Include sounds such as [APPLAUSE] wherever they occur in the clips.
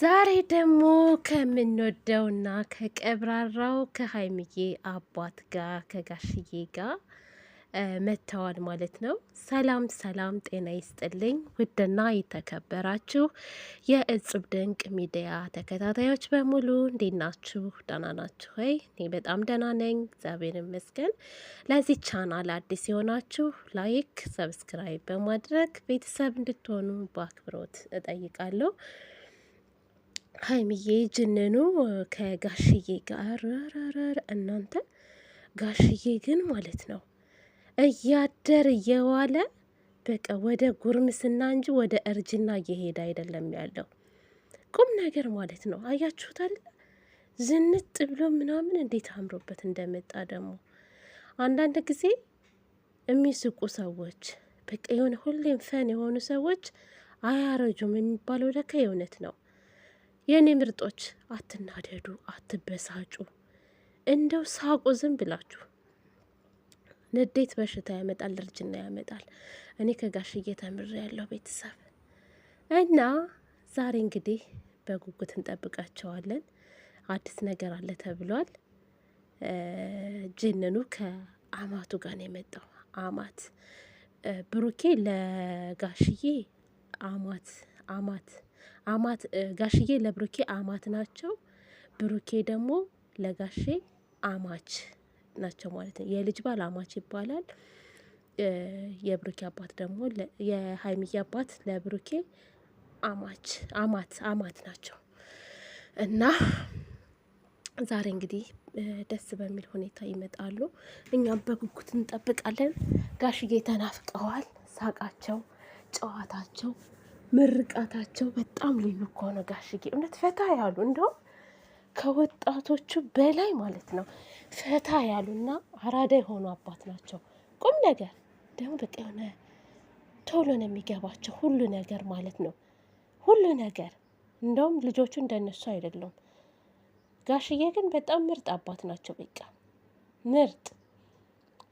ዛሬ ደግሞ ከምንወደውና ከቀብራራው ከሀይምዬ አባት ጋር ከጋሽዬ ጋር መጥተዋል ማለት ነው። ሰላም ሰላም፣ ጤና ይስጥልኝ ውድና የተከበራችሁ የእጽብ ድንቅ ሚዲያ ተከታታዮች በሙሉ እንዴት ናችሁ? ደህና ናችሁ ወይ? እኔ በጣም ደህና ነኝ፣ እግዚአብሔር ይመስገን። ለዚህ ቻናል አዲስ የሆናችሁ ላይክ፣ ሰብስክራይብ በማድረግ ቤተሰብ እንድትሆኑ በአክብሮት እጠይቃለሁ። ሀይሚዬ ጅንኑ ከጋሽዬ ጋር እናንተ ጋሽዬ ግን ማለት ነው እያደር እየዋለ በቃ ወደ ጉርምስና እንጂ ወደ እርጅና እየሄደ አይደለም ያለው። ቁም ነገር ማለት ነው። አያችሁታል። ዝንጥ ብሎ ምናምን እንዴት አምሮበት እንደመጣ ደግሞ አንዳንድ ጊዜ የሚስቁ ሰዎች በቃ የሆነ ሁሌም ፈን የሆኑ ሰዎች አያረጁም የሚባለው ለካ የእውነት ነው። የእኔ ምርጦች አትናደዱ፣ አትበሳጩ። እንደው ሳቁ ዝም ብላችሁ። ንዴት በሽታ ያመጣል፣ እርጅና ያመጣል። እኔ ከጋሽዬ ተምሬ ያለው ቤተሰብ እና ዛሬ እንግዲህ በጉጉት እንጠብቃቸዋለን። አዲስ ነገር አለ ተብሏል። ጅንኑ ከአማቱ ጋር ነው የመጣው። አማት ብሩኬ ለጋሽዬ አማት አማት አማት ጋሽዬ ለብሩኬ አማት ናቸው። ብሩኬ ደግሞ ለጋሼ አማች ናቸው ማለት ነው። የልጅ ባል አማች ይባላል። የብሩኬ አባት ደግሞ የሀይሚዬ አባት ለብሩኬ አማች አማት አማት ናቸው እና ዛሬ እንግዲህ ደስ በሚል ሁኔታ ይመጣሉ። እኛም በጉጉት እንጠብቃለን። ጋሽዬ ተናፍቀዋል። ሳቃቸው፣ ጨዋታቸው ምርቃታቸው በጣም ልዩ እኮ ነው ጋሽጌ፣ እውነት ፈታ ያሉ እንደውም ከወጣቶቹ በላይ ማለት ነው ፈታ ያሉና አራዳ የሆኑ አባት ናቸው። ቁም ነገር ደግሞ በቃ የሆነ ቶሎ ነው የሚገባቸው ሁሉ ነገር ማለት ነው ሁሉ ነገር። እንደውም ልጆቹ እንደነሱ አይደለም። ጋሽዬ ግን በጣም ምርጥ አባት ናቸው። በቃ ምርጥ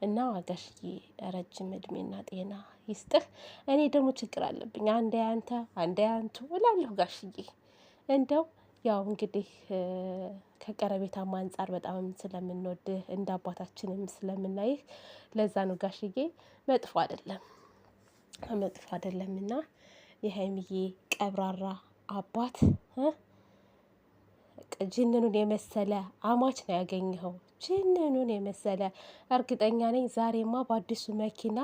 እና ጋሽዬ ረጅም እድሜና ጤና ይስጥህ። እኔ ደግሞ ችግር አለብኝ። አንድ ያንተ አንድ ያንቱ እላለሁ ጋሽዬ። እንደው ያው እንግዲህ ከቀረቤታም አንጻር በጣም ስለምንወድህ እንደ አባታችንም ስለምናይህ ለዛ ነው ጋሽዬ። መጥፎ አይደለም መጥፎ አይደለምና የሀይሚዬ ቀብራራ አባት ጅንኑን የመሰለ አማች ነው ያገኘኸው። ጅንኑን የመሰለ እርግጠኛ ነኝ ዛሬማ በአዲሱ መኪና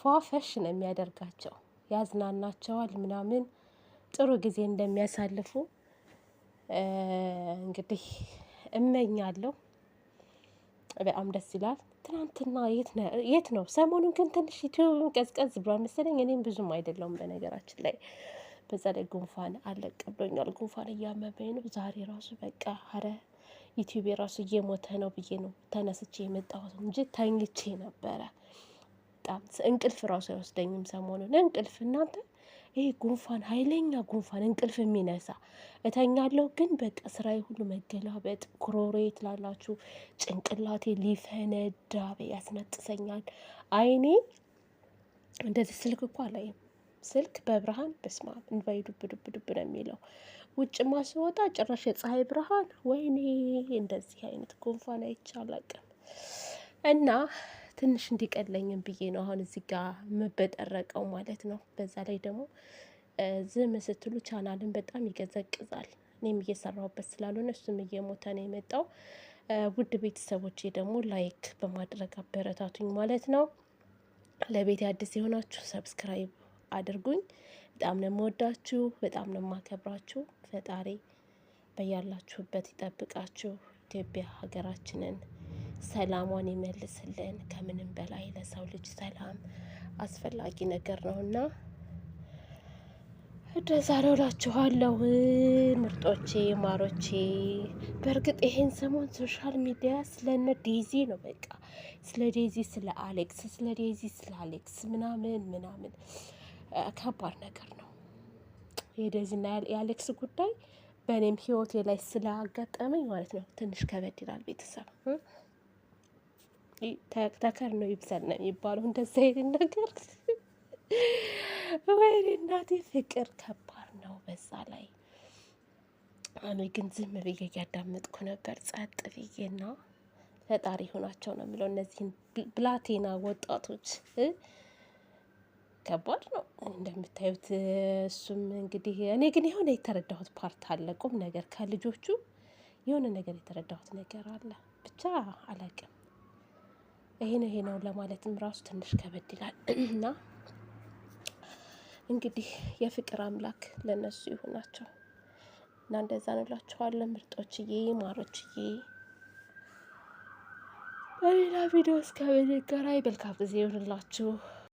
ፏፈሽ ነው የሚያደርጋቸው፣ ያዝናናቸዋል ምናምን ጥሩ ጊዜ እንደሚያሳልፉ እንግዲህ እመኛለሁ። በጣም ደስ ይላል። ትናንትና የት ነው? ሰሞኑን ግን ትንሽ ዩቲዩብ ቀዝቀዝ ብሏል መሰለኝ። እኔም ብዙም አይደለውም በነገራችን ላይ በዛ ላይ ጉንፋን አለቅ ብሎኛል። ጉንፋን እያመመኝ ነው። ዛሬ ራሱ በቃ ኧረ ዩቲዩብ የራሱ እየሞተ ነው ብዬ ነው ተነስቼ የመጣሁት እንጂ ተኝቼ ነበረ። በጣም እንቅልፍ ራሱ አይወስደኝም ሰሞኑን። እንቅልፍ እናንተ ይሄ ጉንፋን፣ ኃይለኛ ጉንፋን እንቅልፍ የሚነሳ እተኛለሁ፣ ግን በቃ ስራዬ ሁሉ መገላበጥ፣ ጉሮሮዬ ትላላችሁ ጭንቅላቴ ሊፈነዳ ያስነጥሰኛል። አይኔ እንደዚህ ስልክ እኮ አላይም። ስልክ በብርሃን በስማ እንባይ ዱብ ዱብ ዱብ ነው የሚለው። ውጭማ ስወጣ ጭራሽ የፀሐይ ብርሃን ወይኔ፣ እንደዚህ አይነት ጉንፋን አይቻላቅም እና ትንሽ እንዲቀለኝም ብዬ ነው አሁን እዚህ ጋር የምበጠረቀው ማለት ነው። በዛ ላይ ደግሞ ዝም ስትሉ ቻናልን በጣም ይገዘቅዛል። እኔም እየሰራሁበት ስላልሆነ እሱም እየሞተ ነው የመጣው። ውድ ቤተሰቦቼ ደግሞ ላይክ በማድረግ አበረታቱኝ ማለት ነው። ለቤት አዲስ የሆናችሁ ሰብስክራይብ አድርጉኝ። በጣም ነው የምወዳችሁ፣ በጣም ነው የማከብራችሁ። ፈጣሪ በያላችሁበት ይጠብቃችሁ። ኢትዮጵያ ሀገራችንን ሰላሟን ይመልስልን። ከምንም በላይ ለሰው ልጅ ሰላም አስፈላጊ ነገር ነውና እንደዛሬ እላችኋለሁ ምርጦቼ ማሮቼ። በእርግጥ ይሄን ሰሞን ሶሻል ሚዲያ ስለነ ዴዚ ነው። በቃ ስለ ዴዚ፣ ስለ አሌክስ፣ ስለ ዴዚ፣ ስለ አሌክስ ምናምን ምናምን ከባድ ነገር ነው። የዴዚና የአሌክስ ጉዳይ በእኔም ህይወቴ ላይ ስላጋጠመኝ ማለት ነው ትንሽ ከበድ ይላል ቤተሰብ ተከር ነው ይብሰል ነው የሚባለው። እንደዛ አይነት ነገር ወይኔ እናቴ ፍቅር ከባድ ነው። በዛ ላይ እኔ ግን ዝም ብዬ እያዳመጥኩ ነበር ጸጥ ብዬና ፈጣሪ ሆናቸው ነው የሚለው እነዚህን ብላቴና ወጣቶች ከባድ ነው እንደምታዩት። እሱም እንግዲህ እኔ ግን የሆነ የተረዳሁት ፓርት አለ፣ ቁም ነገር ከልጆቹ የሆነ ነገር የተረዳሁት ነገር አለ። ብቻ አላቅም። ይሄ ነው ይሄ ነው ለማለትም ራሱ ትንሽ ከበድ ይላል [CLEARS THROAT] እና እንግዲህ የፍቅር አምላክ ለእነሱ ይሆናቸው እና እንደዛ እንላችኋለን ምርጦችዬ፣ ማሮችዬ። በሌላ ቪዲዮ እስከምንገናኝ መልካም ጊዜ ይሁንላችሁ